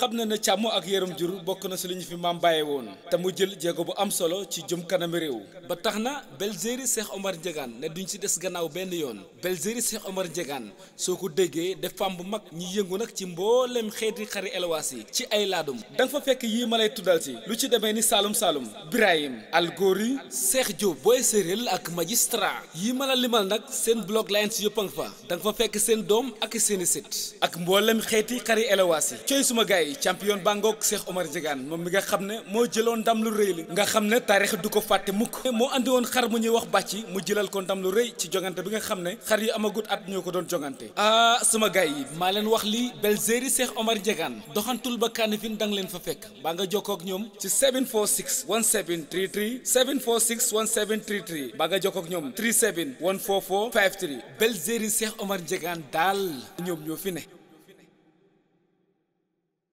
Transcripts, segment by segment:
xam na ne càmm ak yaram jur bokk na si lu ñu fi maam bàyyee woon te mu jël jéego bu am solo ci jëm kanam réew ba tax na Belgéri Cheikh Omar Ndiagane ne duñ si des gannaaw benn yoon Belgéri Cheikh Omar Ndiagane soo ko déggee def fam bu mag ñi yëngu nag ci mboolem xeeti xari elwaas yi ci ay laadum da fa fekk yii ma lay tuddal si lu ci demee ni Saloum Saloum Birahim Algori Cheikh Diop booy séréel ak magistrat yii ma la limal nag seen blog line si yëpp a nga fa fekk seen doom ak seen i sët ak mboolem xeeti xari elwaas suma gaay yi champion bangook Cheikh Omar Diegane moom mi nga xam ne moo jëloon ndam lu rëy li nga xam ne taarix du ko fàtte mukk moo andi woon xar mu ñuy wax bàcci mu jëlal ko ndam lu rëy ci jongante bi nga xam ne xar yu amagut at ñoo ko doon jongante ah sama gars yi maa leen wax lii Belzéri Cheikh Omar Diegane doxantul ba Kanifing da nga leen fa fekk baa nga jokkoo ak ñoom ci 746 1733 746 1733 baa nga jokkoo ak ñoom 37 144 53 Belzéri Cheikh Omar Diegane daal ñoom ñoo fi ne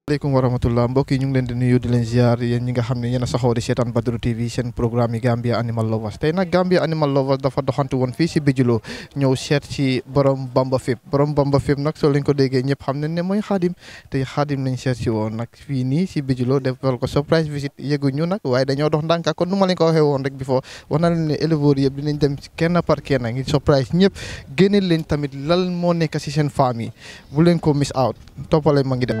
aleykum warahmatullah mbokk ñu ngi leen di nuyu di leen ziar yeen ñi nga xamne yeena saxo di setan Badru TV seen programme yi Gambia Animal Lovers tay nak Gambia Animal Lovers dafa doxantu won fi ci Bijilo ñew set ci borom Bamba Fib borom Bamba Fib nak so liñ ko déggé ñepp xamne ne moy khadim tay khadim lañ si woon nag fii Bijilo defal ko surprise visit ñu nak waye dañoo dox ndanka kon Numa lañ ko waxé won rek before wonal ni éleveur yeb dinañ dem kenn par kenn ngi surprise ñepp génneel leen tamit lal mo nekk ci seen famille bu leen ko miss out topalé ma ngi dem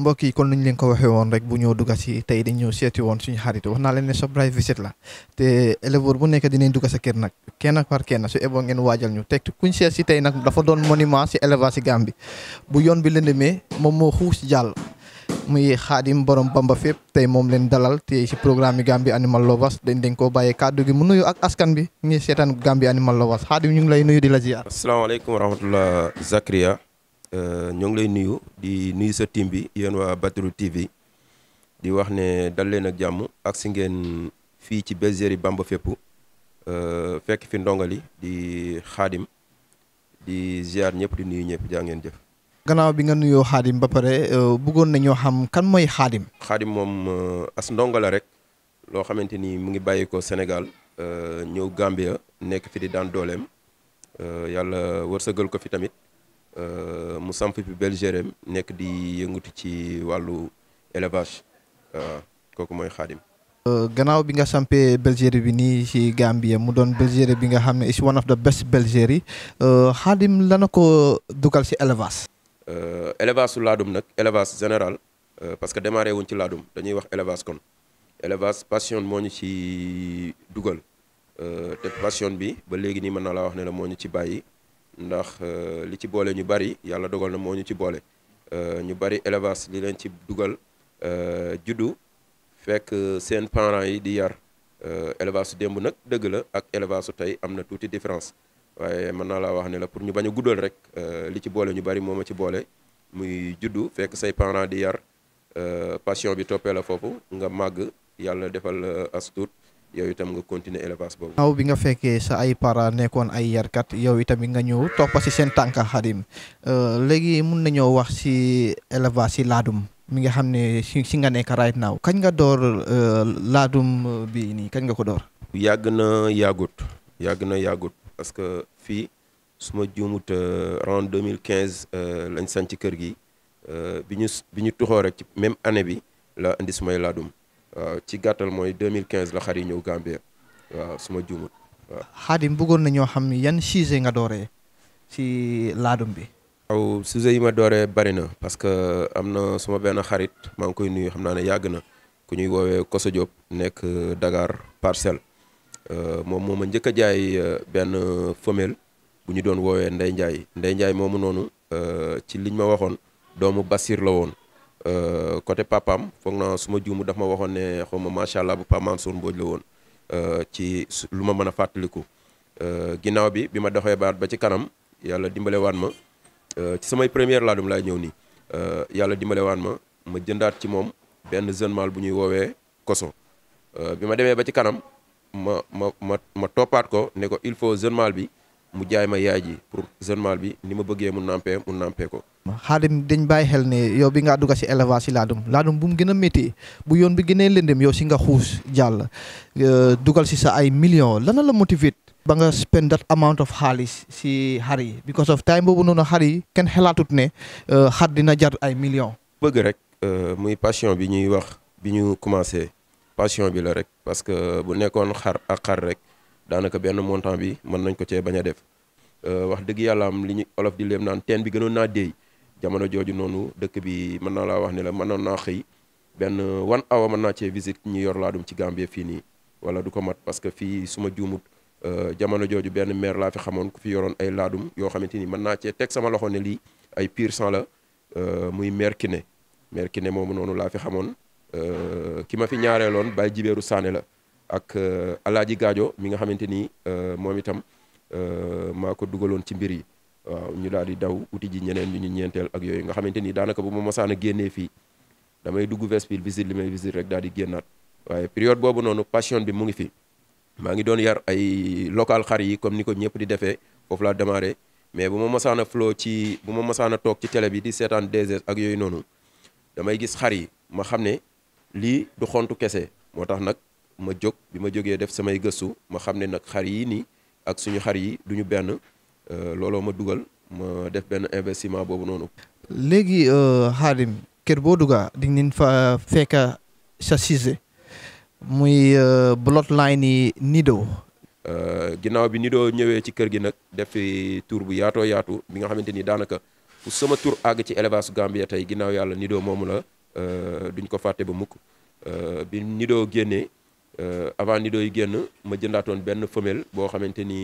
mbokk yi kon nañ leen ko waxe woon rek bu ñoo dugga ci tey dañ ñoo seeti woon suñu xarit wax naa leen ne surprise visit la te éleveur bu nekk dinañ dugga sa kër nag kenn par kenn su eboo ngeen waajal ñu teg kuñ seet si tey nag dafa doon monument si élevage si gambi bu yoon bi lëndëmee moom moo xuus jàll muy xaadim borom bamba fépp tey moom leen dalal tey si programme yi gambi Animal Lovers dañ dañ koo bàyyee kàddu gi mu nuyu ak askan bi ñu seetaan gambi Animal Lovers xaadim ñu ngi lay nuyu di la ziar. asalaamaaleykum wa rahmatullah Zakaria Euh, ñoo ngi lay nuyu di nuyu sa team bi yéen waa Badru TV di wax ne dal leen ak jàmm ak si ngeen fii ci bergerie Bamba fépp euh, fekk fi ndongali di xaadim di ziar ñëpp di nuyu ñëpp jaa ngeen jëf. gannaaw bi nga nuyoo xaadim ba pare euh, bëggoon ñoo xam kan mooy xaadim. xaadim moom as ndongo la rek loo xamante nii mu ngi bàyyeekoo Sénégal ñëw Gambia nekk fi di daan dooleem yàlla war wërsëgal ko fi tamit. Euh, mu samp fi belgérém nekk di yëngatu ci wàllu élevage euh, kooku mooy xaadim euh, gannaaw bi nga sampee bergerie bi nii ci Gambie mu doon bergerie bi nga xam ne is one of the best bergerie xaadim lana ko dugal ci élevage élevage su laadum nag élevage général parce que démarré wuñ ci laadum dañuy wax élevage kon élevage passion moo ñu ci dugal te passion bi ba léegi nii mën na laa wax ne la moo ñu ci bàyyi ndax euh, li ci boole ñu bari yàlla dogal na moo ñu ci boole euh, ñu bari élevage li leen ci dugal euh, juddu fekk seen parents yi di yar élevage su démb nag dëgg la ak élevage su tey am na tuuti différence waaye mën naa la wax ne la pour ñu bañ a guddal rek li ci boole ñu bari moo ma ci boole muy juddu fekk say parents di yar passion bi toppee la foofu nga màgg yàlla defal as yow itam nga continuer élevage boobu. naaw bi nga fekkee sa ay para nekkoon ay yarkat yow itam nga ñëw toppa si seen tànka xadim euh, léegi mun nañoo wax si élevage si laadum mi nga xam ne si si nga nekk right kañ nga door euh, laadum bi nii kañ nga ko door. yàgg na yàggut yàgg na yàggut parce que fii su ma juumut euh, en 2015 lañ sanc kër gi bi ñu bi ñu tuxoo rek ci même année bi la indi sumay laadum. Euh, ci gàttal mooy 2015 la xar yi ñëw Gambie waaw su ma juumut waaw. Xaadim bëggoon na ñoo xam ni yan sujet nga dooree ci laadum bi. waaw sujet yi ma dooree bari na parce que am na suma benn xarit maa ngi koy nuyu xam naa ne yàgg na ku ñuy woowee Koso Diop nekk euh, Dakar parcelle euh, moom moom a njëkk a jaay benn femelle bu ñu doon woowee Ndey Njaay Ndey Njaay moomu noonu ci liñ ma waxoon doomu bassir la woon. Euh, côté papam foog naa su ma juumu daf ma waxoon ne xaw ma macha allah bu Pape soon Mbodj la woon euh, ci lu ma mën a fàttaliku euh, ginnaaw bi bi ma doxee baat ba ci kanam yàlla dimbale waan ma ci samay première laadum laay ñëw nii yàlla dimbale waan ma ma jëndaat ci moom benn jeune mâle bu ñuy woowee koso bi ma demee ba ci kanam ma ma ma ma toppaat ko ne ko il faut jeune mâle bi mu jaay ma yaay ji pour jeune mâle bi ni ma bëggee mu nampee mu nampee ko Hari dañ bay xel yo yow bi nga dugg si élevage si laadum laadum bu mu gëna metti bu yoon bi gënee lëndëm yow si nga xuus jall dugal ci sa ay millions lana la motivit, ba nga spend that amount of halis si hari, because of time boobu noonu hari, ken xelatut ne eh, xad dina jar ay millions. bëgg rek eh, muy passion bi ñuy wax bi ñu commencé passion bi la rek parce que bu nekkon xar ak xar rek daanaka ben montant bi mën nañ ko ci baña def eh, wax deug yalla am li ñu olof di lem naan ten bi gënon na dey jamono jooju noonu dëkk bi mën naa la wax ne la mënoon naa xëy benn one hour mën naa cee visite ñu yor laadum ci Gambie fii nii wala du ko mat parce que fii suma ma juumut euh, jamono jooju benn maire laa fi xamoon ku fi yoroon ay laadum yoo xamante ni mën naa cee teg sama loxo ne lii ay pur sang la euh, muy maire Kiné maire Kiné moomu noonu laa fi xamoon euh, ki ma fi ñaareeloon Baye Jibeeru Sané la ak Alaaji Gaajo mi nga xamante ni moom itam maa ko dugaloon ci mbir yi waaw ñu daal di daw uti ji ñeneen ñu ñu ñeenteel ak yooyu nga xamante ni daanaka bu ma mosaan a génnee fii damay dugg Vespil visite li may visite rek daal di génnaat waaye période boobu noonu passion bi mu ngi fi maa ngi doon yar ay local xar yi comme ni ko ñëpp di defee foofu laa démarré mais bu ma mosaan a flow ci bu ma mosaan a toog ci tele bi di seetaan DSS ak yooyu noonu damay gis xar yi ma xam ne lii du xontu kese moo tax nag ma jóg bi ma jógee def samay gëstu ma xam ne nag xar yi nii ak suñu xar yi duñu benn Euh, looloo ma dugal ma def benn investissement boobu noonu. léegi euh, Khadim kër boo dugga di ngeen fa fekk sa Cissé muy euh, bloodline yi Nido. ginnaaw bi Nido ñëwee ci kër gi nag def fi tur bu yaatoo yaatu bi nga xamante ni daanaka fu sama tur àgg ci élevage Gambia tey ginnaaw yàlla Nido moomu la duñ ko fàtte ba mukk bi Nido génnee avant Nido yi génn ma jëndaatoon benn femelle boo xamante ni.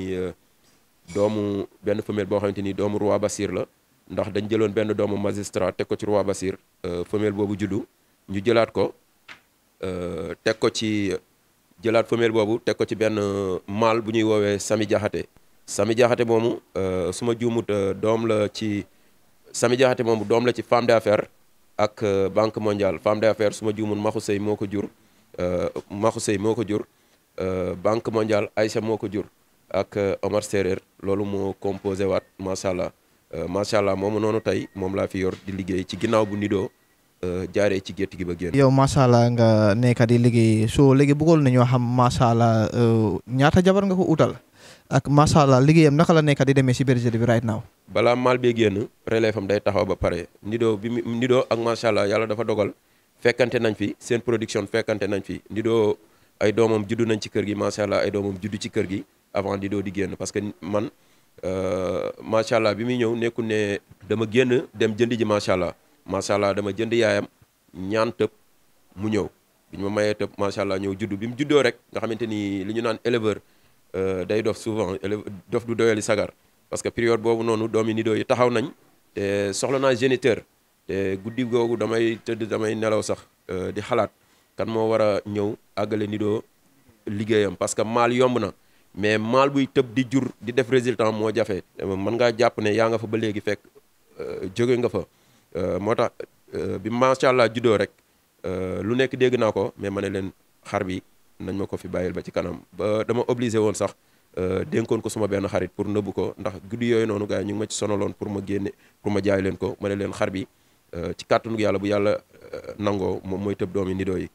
doomu benn famille boo xamante ni doomu roi Basir la ndax dañ jëloon benn doomu magistrat teg ko ci roi Basir euh, femelle boobu juddu ñu jëlaat ko euh, teg ko ci jëlaat femelle boobu teg ko ci benn euh, mâle bu ñuy woowee Sami Jaxate Sami Jaxate moomu su ma juumut doom la ci Sami Jaxate moomu doom la ci femme affaire ak banque mondiale femme d'affaires affaire suma juumut Maxu Sey moo ko jur Maxu Sey moo ko jur banque mondiale Aïcha moo ko jur ak eh, Omar Serer lolou mo composé waat macha allah eh, macha allah moomu noonu tey moom fi yor di liggey ci bu Nido eh, jaaree ci gettigi ba genn yow macha allah nga neka di liggéey soo léegi bëggoon nañu xam allah ñaata jabar nga ko utal ak macha allah liggéeyam naka la neka di demee ci berger bi right now. balam mal bee genn relève am day taxaw ba pare Nido bi Nido ak macha allah yàlla dafa dogal fekkante nañ fi seen production fekkante nañ fi Nido ay mom judu nañ ci kër gi mom allah ay domam juddu ci kër gi. avant doo di génn parce que man euh, macha allah bi muy ñëw nekku ne dama génn dem jënd ji macha allah macha allah dama jënd yaayam ñaan tëb mu ñëw bi ñu ma mayee tëb macha allah ñëw juddu bi mu juddoo rek nga xamante ni li ñu naan éleveur euh, day dof souvent éleve dof du doyali sagar parce que période boobu noonu doomi Lido yi taxaw nañ te soxla naa géniteur te guddi googu damay tëdd damay nelaw sax euh, di xalaat kan moo war a ñëw àggale Lido liggéeyam parce que maal yomb na. mais mal buy tëb di jur di def résultant moo jafe man ngaa jàpp ne yaa nga fa ba léegi fekk euh, jóge nga fa euh, moo tax euh, bi macha allah juddoo rek lu nekk dégg naa ko mais ma ne leen xar bi nañ ma ko fi bàyyil ba ci kanam ba dama obligé woon sax dénkoon ko suma benn xarit pour nëbbu ko ndax guddi yooyu noonu gaa yi ñu ngi ma ci sonaloon pour ma génne pour ma jaay leen ko ma ne leen xar bi ci kàttanu yàlla bu yàlla nangoo moom mooy tëb doomi nidoo yi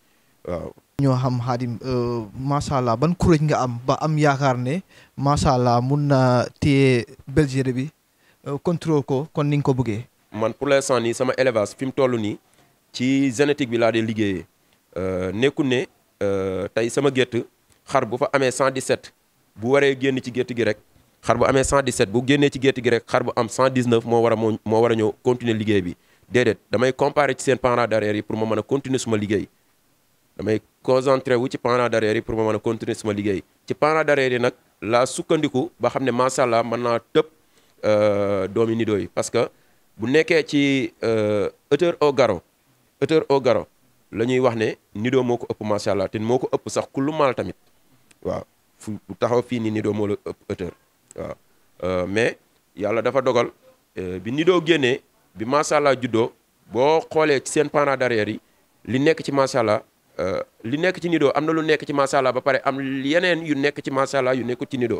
waaw. ñoo xam xaadim euh, macha allah ban kuréel nga am ba am yaakaar ne macha allah mun na téye Bergerie bi euh, contrôle ko kon ni nga ko bëggee. man pour l'instant nii sama élevage fi mu toll nii ci génétique bi laa dee liggéeyee euh, nekkul ne tey sama gétt xar bu fa amee 117 bu waree génn ci gétt gi rek xar bu amee 117 bu génnee ci gétt gi rek xar bu am moo war a moo moo war a ñëw continuer liggéey bi déedéet damay comparer ci seen parents d'arrière yi pour ma mën a continuer suma liggéey. damay concentré wu ci parents d'élèves yi pour ma mën a continuer sama liggéey ci parents d'élèves yi nag laa sukkandiku ba xam ne macha allah mën naa tëb euh, doomi nido yi parce que bu nekkee ci euh, hauteur au garrot hauteur au garrot la ñuy wax ne nido moo ko ëpp macha allah moo ko ëpp sax ku tamit waaw bu taxaw fii nii nido moo la ëpp hauteur waaw euh, mais yàlla dafa dogal bi nido génnee bi macha allah juddoo boo xoolee ci seen parents d'élèves yi li nekk ci macha allah Euh, li nekk ci Nido am na lu nekk ci Macha Allah ba pare am yeneen yu nekk ci Macha Allah yu nekkul ci Nido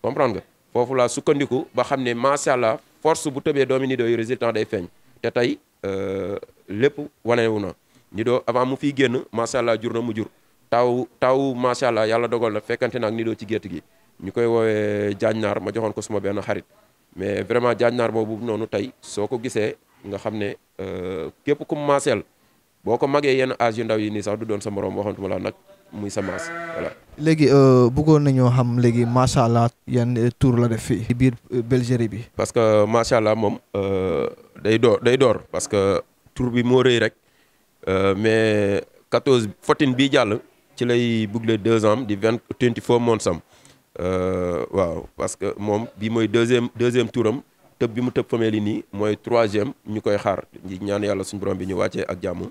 comprendre nga foofu laa sukkandiku ba xam ne Macha Allah force bu tëbee doomi Nido yi résultat day feeñ te tey euh, lépp wanewu na Nido avant mu fiy génn Macha Allah jur na mu jur taw taw Macha Allah yàlla dogal na fekkante na ak Nido ci gétt gi ñu koy woowee naar ma joxoon ko suma benn xarit mais vraiment naar boobu noonu tey soo ko gisee nga xam ne euh, képp ku maaseel boo ko magee yenn âge yu ndaw yi nii sax du doon sa morom waxantuma la nag muy sa maas voilà. léegi euh, bëggoon nañoo xam léegi macha allah yan euh, tour la def fii. biir euh, Belgérie bi. parce que macha allah moom day door day door parce que tour bi moo rëy rek mais 14 14 bi jàll ci lay boucler deux ans di vingt twenty four months am waaw parce que moom bi mooy deuxième deuxième touram tëb bi mu tëb famille nii mooy troisième ñu koy xaar ñaan yàlla suñu borom bi ñu wàccee ak jàmm.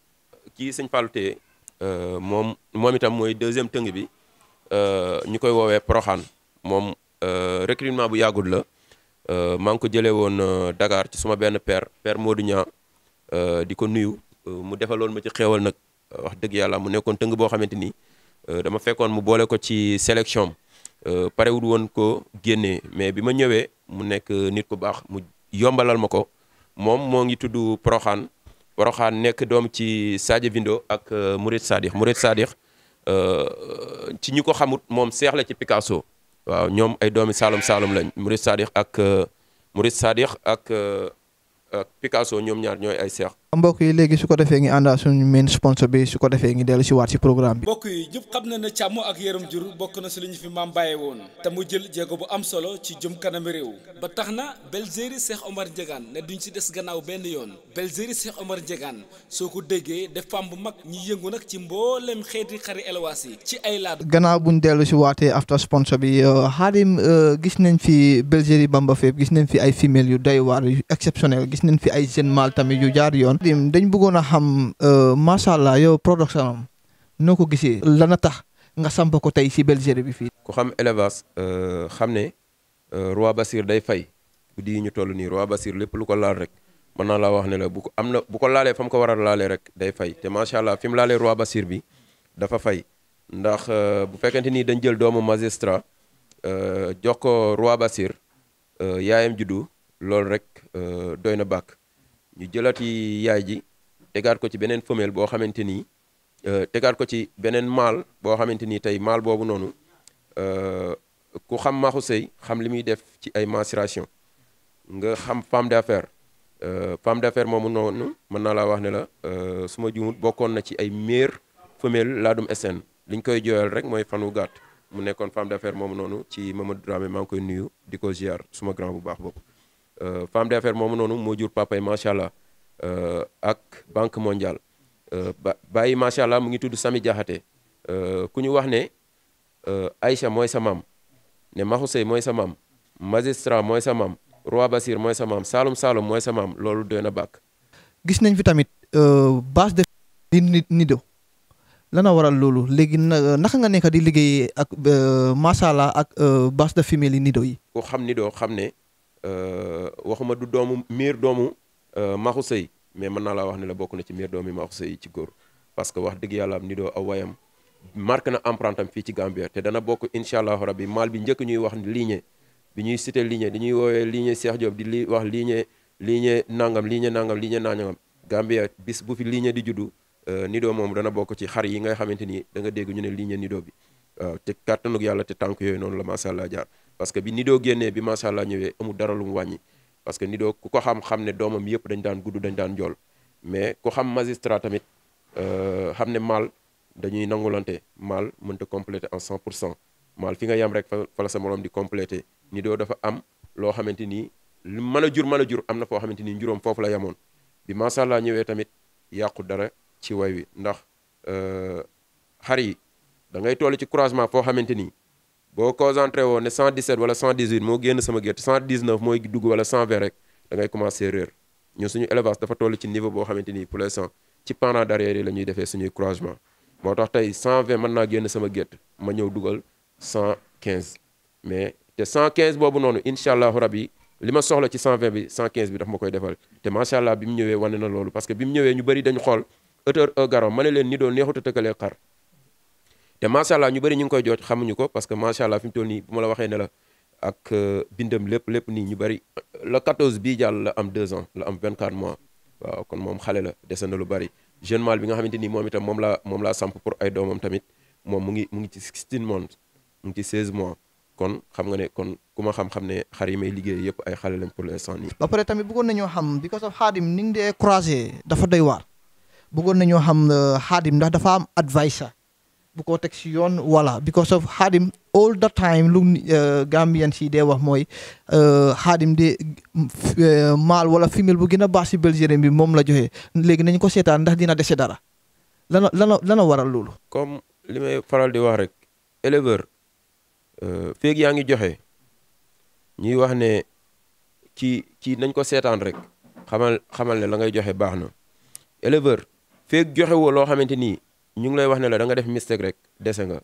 kii sëñ Fallou Téye euh, moom moom itam mooy deuxième tëng bi euh, ñu koy woowee Proxaan moom euh, recrutement bu yàggul la maa ngi ko jëlee woon Dakar ci suma benn père père Modou di ko nuyu mu defaloon ma ci xéewal nag wax dëgg yàlla mu nekkoon tëng boo xamante ni dama fekkoon mu boole ko ci sélection parewul woon ko génnee mais bi ma ñëwee mu nekk nit ku baax mu yombalal ma ko moom moo ngi tudd Proxaan xaa nekk doom ci Sadio Vindo ak euh, Mourid Sadikh Mourid Sadikh euh, ci ñi ko xamut moom seex la ci Picasso waaw ñoom ay doomi Saalum Saalum lañ Mourid Sadikh ak euh, Mourid Sadikh ak ak Picasso ñoom ñaar ñooy ay seex mbokk yi léegi su ko defee ngi àndaa suñu main sponsor bi su ko defee ngi dellu si waat si programme bi mbokk yi ñëpp xam na ne càmm ak yaram jur bokk na si li ñu fi maam bàyyee woon te mu jël jéego bu am solo ci jëm kanam réew ba tax na Belgérie Cheikh Omar jegaan ne duñ si des gannaaw benn yoon Belgérie Cheikh Omar Ndiagane soo ko déggee def pam bu mag ñi yëngu nag ci mboolem xeeti xari elwaas yi ci ay laat gannaaw buñ dellu si waatee after sponsor bi euh, Hadim euh, gis nañ fi Belgérie Bamba Feb gis nañ fi ay femelle yu doy yu exceptionnel gis nañ fi ay jeune mâle tamit yu jaar yoon Xaadim dañ bëggoon a xam euh, macha allah yow production am noo ko gisee lana tax nga samp ko tey si Bergerie bi fii. ko xam élevage euh, xam ne euh, roi bassir day fay bu di ñu toll nii roi bassir lépp lu ko laal rek mën naa laa wax ne la bu ko am na bu ko laalee fa ko war laalee rek day fay te macha allah fi mu laalee roi Basir bi dafa fay ndax bu fekkente ni dañ jël doomu magistrat jox ko roi bassir yaayam juddu loolu rek doy na bàkk. ñu jëlati yaay ji tegaat ko ci beneen femelle boo xamante ni euh, tegaat ko ci beneen mâle boo xamante ni tey mâle boobu noonu euh, ku xam maaxu sëy xam li muy def ci ay menstruation nga xam femme d'affaires euh, femme d'affaires moomu noonu mën naa laa wax ne la su ma juumut bokkoon na ci ay meilleure femelle laa SN li ñu koy jooyal rek mooy fan wu gàtt mu nekkoon femme d'affaires moomu noonu ci Mamadou Dramé maa ngi koy nuyu di ko ziar suma grand bu baax boobu. Euh, femme d'affaires moomu noonu moo jur papa yi macha allah euh, ak banque mondiale euh, ba bàyyi macha allah mu ngi tudd Sami Diakhaté ku ñu wax ne Aïcha mooy sa maam ne Mahusey mooy sa mam magistrat mooy sa mam Roi Basir mooy sa mam salum salum mooy sa mam loolu doy na bàkk. gis nañ fi tamit base de di nido lana waral loolu léegi naka nga nekk di liggéey ak macha allah ak base de femelle nido yi. ko xam nido xam ne. Euh, waxuma du doomu miir doomu euh, Maxu Sëy mais mën naa la wax ne la bokk na ci miir doomu Maxu Sëy ci góor parce que wax dëgg yàlla am ni doo aw wayam marqué na empreinte fii ci Gambia te dana bokk incha allahu rabbi maal bi njëkk ñuy wax lignée bi ñuy cité lignée di ñuy woowee lignée Cheikh Diop di lii wax lignée lignée nangam lignée nangam lignée nangam Gambia bis bu fi lignée di juddu euh, Nido moom dana bokk ci xar yi nga xamante ni da nga dégg ñu ne lignée Nido bi waaw te kàttanug yàlla te tànk yooyu noonu la macha allah jaar. parce que bi Nido génnee bi macha allah ñëwee amul dara lu mu wàññi parce que Nido ku ko xam-xam ne doomam yëpp dañ daan gudd dañ daan jool mais ku xam magistrat tamit euh, xam ne mal dañuy nangulante mal mënta complété en 100 pour cent maal fi nga yam rek fa la sa morom di complété Nido dafa am loo xamante ni lu mën a jur mën a jur am na foo xamante ni njuróom foofu la yamoon bi macha allah ñëwee tamit yàqu dara ci way wi ndax euh, xar yi da toll ci croisement foo xamante ni. bo concentré ne 117 wala 118 mo génn sama gerte 119 moy dugg wala 120 rek da ngay commencé réer ñu suñu élevage dafa toll ci niveau bo xamanteni pour l'instant ci pendant derrière la ñuy croisement moo tax tay 120 man na génn sama 119, ma ñëw dugal 115 mais té 115 bobu nonu inshallah rabbi lima soxla ci 120 bi 115 bi daf ma koy défal te machallah bimu ñëwé wané na lolu parce que bimu ñëwé ñu bari dañu xol ni te macha allah ñu bëri ñu ngi koy jooj xamuñu ko parce que macha allah fi mu toll nii bu ma la waxee ne ak euh, bindam lépp lépp nii ñu bëri le 14 bii jàll la am 2 ans la am 24 mois waaw kon moom xale la dese na lu bari jeune mâle bi nga xamante ni moom itam moom la moom laa samp pour ay doomam tamit moom mu ngi mu ngi ci 16 months mu ngi ci 16 mois kon xam nga ne kon ku ma xam-xam ne xar yi may liggéey yëpp ay xale lañ pour l'instant nii. ba pare tamit bëggoon nañoo xam because of Khadim ni nga dee croisé dafa doy waar bëggoon nañoo xam euh, Khadim ndax dafa am advice bu ko teg si yoon voilà because of Hadim all the time lu euh, Gambian si dee wax mooy euh, Hadim de euh, maal wala femelle bu gën a baax si Belgium bi moom la joxe léegi nañ ko seetaan ndax dina dese dara lana lana lana waral loolu. comme li may faral di wax rek éleveur feeg yaa ngi joxe ñuy wax ne ci ci nañ ko seetaan rek xamal xamal ne la ngay joxe baax na éleveur feeg joxe woo loo xamante ñu ngi lay wax ne la da def mistake rek dese nga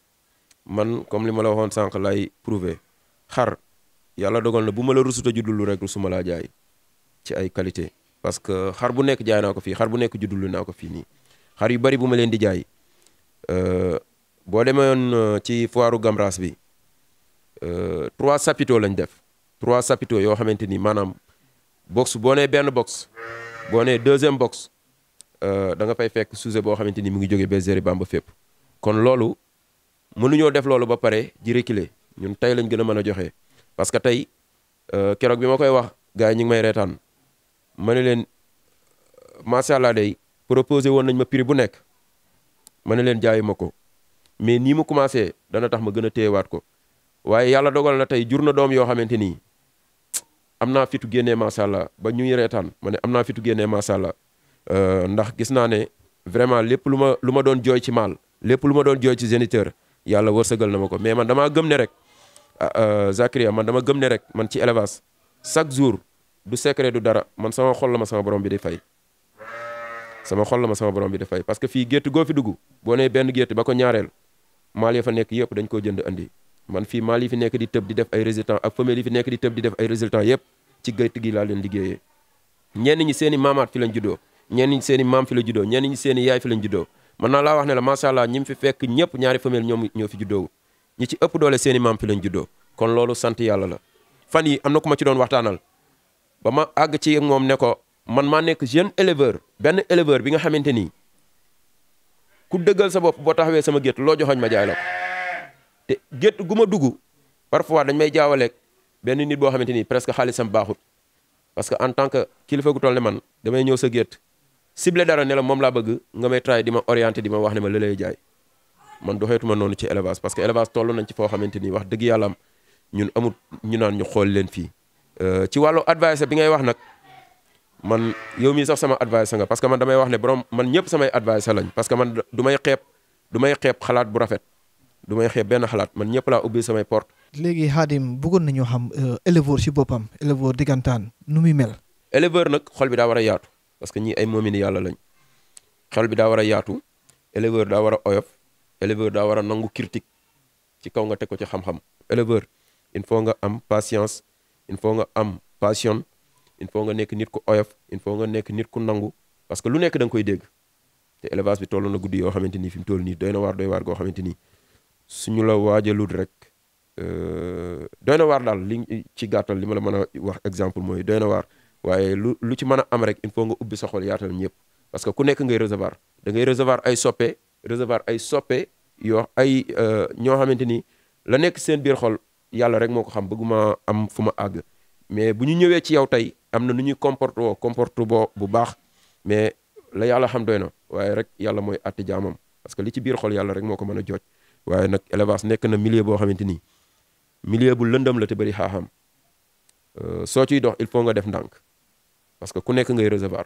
man comme li ma la waxoon sànq lay prouver xar yàlla dogal na bu ma la rusuta juddulu rek rusuma laa jaay ci ay qualité parce que xar bu nekk jaay naa ko fii xar bu nekk juddulu naa ko fii nii xar yu bari bu ma leen di jaay euh, boo demee euh, ci foiru Gambras bi euh, trois chapiteaux lañ def trois chapiteaux yoo xamante ni maanaam box boo nee benn box boo nee deuxième box Euh, da nga fay fekk sujet boo xamante ni mu ngi jógee Bergerie Bamba fépp. kon loolu mënuñoo def loolu ba pare di ñun tey lañ gën a mën a joxe parce que tey euh, keroog bi ma koy wax gars yi ñu ngi may reetaan ma ne leen macha allah day proposé woon nañ ma prix bu nekk ma ne leen jaayu ko mais nii mu commencé dana tax ma gën a téyewaat ko waaye yàlla dogal na tey jur na doom yoo xamante ni am naa fitu génnee macha allah ba ñuy reetaan ma ne am naa fitu génnee macha Euh, ndax gis naa ne vraiment lépp lu ma lu ma doon jooy ci mal lépp lu ma doon jooy ci géniteur yàlla wërsëgal na ma ko mais man dama gëm ne rek ah, euh, Zakaria man dama gëm ne rek man ci élevage chaque jour du secret du dara man sama xol la ma sama borom bi di fay sama xol la ma sama borom bi di fay parce que fii gétt goo fi dugg boo nee benn gétt ba ko ñaareel ya fa nekk yépp dañ koo jënd andi man fii mal yi fi nekk di tëb di def ay résultats ak femelle yi fi nekk di tëb di def ay résultats yépp ci gétt gi laa leen liggéeyee ñenn ñi seeni i fi lañ juddoo ñenn ñi seen i maam fi la juddoo ñenn ñi seen i yaay fi lañ juddoo man naa la wax ne la macha allah ñi mu fi fekk ñëpp ñaari famille ñoom ñoo fi juddoo ñi ci ëpp doole seeni i maam fi lañ juddoo kon loolu sant yàlla la fan yi am na ku ma ci doon waxtaanal ba ma àgg ci moom ne ko man maa nekk jeune éleveur benn éleveur bi nga xamante ni ku dëggal sa bopp boo taxawee sama gét loo joxoñ ma jaay la te gétt gu ma dugg parfois dañ may jaawaleeg benn nit boo xamante ni presque xaalisam baaxut parce que en tant que kilifa gu toll ne man damay ñëw sa gétt ciblé dara ne la moom laa bëgg nga may try di ma orienté di ma wax ne ma li lay jaay man doxeetuma noonu ci élevage parce que élevage toll nañ ci foo ni wax dëgg yàlla ñun amut ñu naan ñu xool leen fii euh, ci wàllu advice bi ngay wax nag man yow mii sax sama advice nga parce que man damay wax ne borom man ñëpp samay advice lañ parce que man du may xeeb du may xalaat bu rafet du may xeeb benn xalaat man ñëpp laa ubbi samay port léegi Khadim bëggoon nañoo xam euh, éleveur si boppam éleveur diggantaan nu muy mel éleveur nag xool bi daa war a yaatu parce que ñii ay moomini yàlla lañ xel bi daa war a yaatu éleveur daa war a oyof éleveur daa war a nangu critique ci kaw nga teg ko ci xam-xam éleveur il faut nga am patience il faut nga am passion il faut nga nekk nit ku oyof il faut nga nekk nit ku nangu parce que lu nekk da nga koy dégg te élevage bi toll na guddi yoo xamante ni fi mu toll nii doy na waar doy waar goo xamante ni suñu la waajalul rek euh, doy na waar daal li ci gàttal li ma la mën a wax exemple mooy doy waar waaye lu lu ci mën a am rek il faut nga ubbi sa xol yaatal ñëpp parce que ku nekk ngay recevoir dangay ngay ay soppe recevoir ay soppe yoo ay euh, ñoo xamante ni la nekk seen biir xol yàlla rek moo ko xam bëgguma am fu ma àgg mais bu ñu ñëwee ci yow tey am na nu ñuy comporte woo comporte boo bu baax mais la yàlla xam doy na waaye rek yàlla mooy àtte jaamam parce que li ci biir xol yàlla rek moo ko mën a jooj waaye nag élevage nekk na milieu boo xamante ni milieu bu lëndam la te bëri xaaxam Euh, soo ciy dox il faut nga def ndànk parce que ku nekk ngay recevoir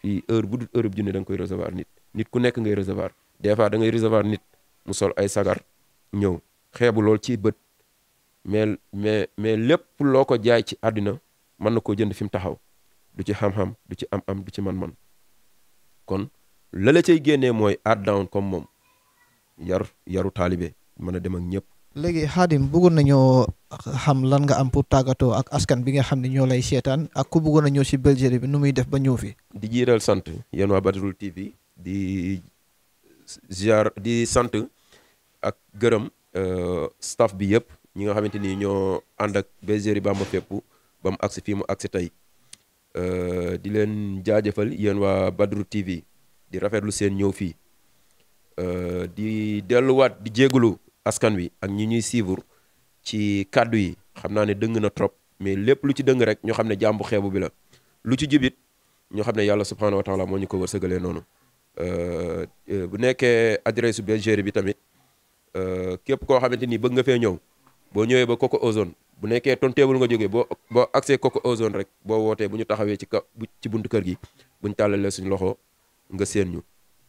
fii heure bu dul heure bu junne da koy recevoir nit nit ku nekk ngay recevoir des fois da ngay nit mu sol ay sagar ñëw xeebu lool ci bët mais mais mais lépp loo ko jaay ci àddina mën na koo jënd fi mu taxaw du ci xam-xam du ci am-am du ci man-man kon la la cay génnee mooy art down comme moom yar yaru taalibe mën a dem ak ñëpp léegi Khadim bëggoon nañoo xam lan nga am pour tàggatoo ak askan bi nga xam ne ñoo lay seetaan ak ku buggoon a ñëw si Belgérie bi nu muy def ba ñëw fi. di jiiral sant yéen waa Badrul TV di ziar di sant ak gërëm euh, staff bi yëpp ñi nga xamante ni ñoo ànd ak Belgérie ba ma fépp ba mu agsi fii mu agsi tey euh, di leen jaajëfal yéen waa Badrul TV di rafetlu seen ñëw fii euh, di delluwaat di jégalu. askan wi ak ñi ñuy suivre ci kàddu yi xam naa ne dëng na trop mais lépp lu ci dëng rek ñu xam ne jàmbu xeebu bi la lu ci jubit ñu xam ne yàlla subhanahu wa moo ñu ko wërsëgalee noonu euh, euh, bu nekkee adresse bergerie bi tamit euh, képp koo xamante ni bëgg nga fee ñëw boo ñëwee ba koko Ozone bu nekkee tonteebul nga jógee boo boo accès Coco Ozone rek boo wootee bu ñu taxawee ci ka ci buntu kër gi bu ñu tàllalee suñu loxo nga seen ñu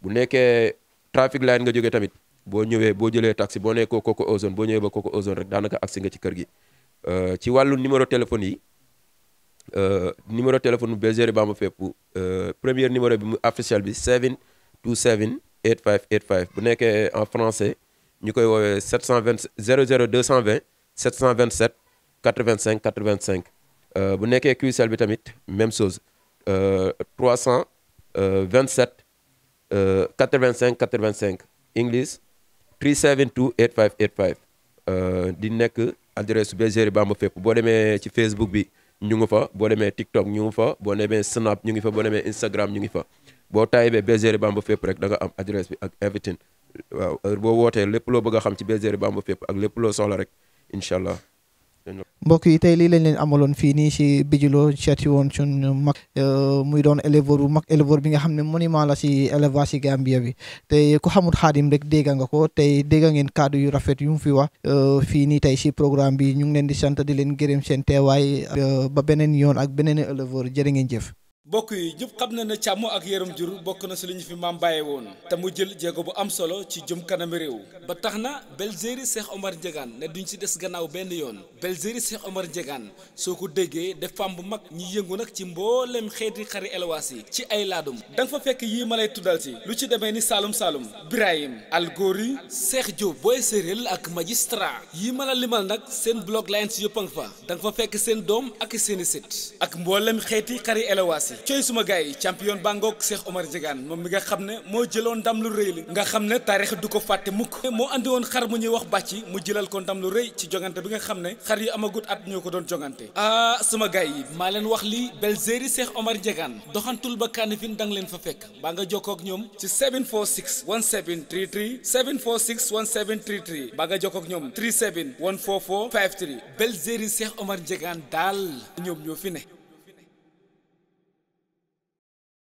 bu nekkee trafic line nga jógee tamit bo ñëwé bo jëlé taxi bo nee ko Coco Ozone boo ñëwee ba au Ozone rek danaka agsi nga ci kër gi euh, ci walu numéro téléphone yi euh, numéro téléphone bu Bergerie Bamba euh premier numéro bi mu officiel bi 727 8585 bu nekkee en français ñukoy wowe 720 00 220 727 85 85 bu nekkee QCell bi tamit même chose 327 85 85 English 372 8585 euh, di nekk adresse bergerie Bamba fépp boo demee ci Facebook bi ñu ngi fa boo demee TikTok ñu ngi fa boo demee Snap ñu ngi fa bo demee Instagram ñu ngi fa boo taayibee bergerie Bamba fépp rek da am adresse bi ak everything waaw boo wootee lépp loo bëgg a xam ci bergerie Bamba fépp ak lépp loo soxla rek incha allah. mbokk yi tey lii lañ leen amaloon fii nii si Bijilo seeti woon suñu mag euh, muy doon éleveur bu mag éleveur bi nga xam ne monument la si élevage si Gambia bi tey ku xamul xaadim rek dégg nga ko tey dégg ngeen yu rafet yu mu fi wax euh, fii nii tey si programme bi ñu ngi leen di santa di leen gërëm seen teewaay euh, ba beneen yoon ak beneen éleveur jërë ngeen jëf mbokk yi ñëpp xam na ne càmmoo ak yaram jur bokk na si lu ñu fi maam bàyyee woon te mu jël jéego bu am solo ci jëm kanam réew ba tax na Belgérie Cheikh Omar Ndiagane ne duñ si des gannaaw benn yoon Belgérie Cheikh Omar Ndiagane soo ko déggee def fam bu mag ñi yëngu nag ci mboolem xeeti xari elwaas yi ci ay laadum da fa fekk yii ma lay tuddal si lu ci demee ni Saalum Saalum Birahim Algori Cheikh Diop booy séréel ak magistrat yii ma la limal nag seen blog line si yëpp a nga fa da fekk seen doom ak seen i sët ak mboolem xeeti xari elwaas yi cooy suma gars yi champion bangook Cheikh Omar Diegane moom mi nga xam ne moo jëloon ndam lu rëy li nga xam ne taarix du ko fàtte mukk moo indi woon xar mu ñuy wax bàcci mu jëlal ko ndam lu rëy ci jongante bi nga xam ne xar yu amagut at ñoo ko doon jongante ah suma gars yi maa leen wax lii Belzéri Cheikh Omar Diegane doxantul ba kaanifin da nga leen fa fekk baa nga jokkoo ak ñoom ci 746 1733 746 1733 baa nga jokkoo ak ñoom 37 144 53 Belzéri Cheikh Omar Diegane daal ñoom ñoo fi ne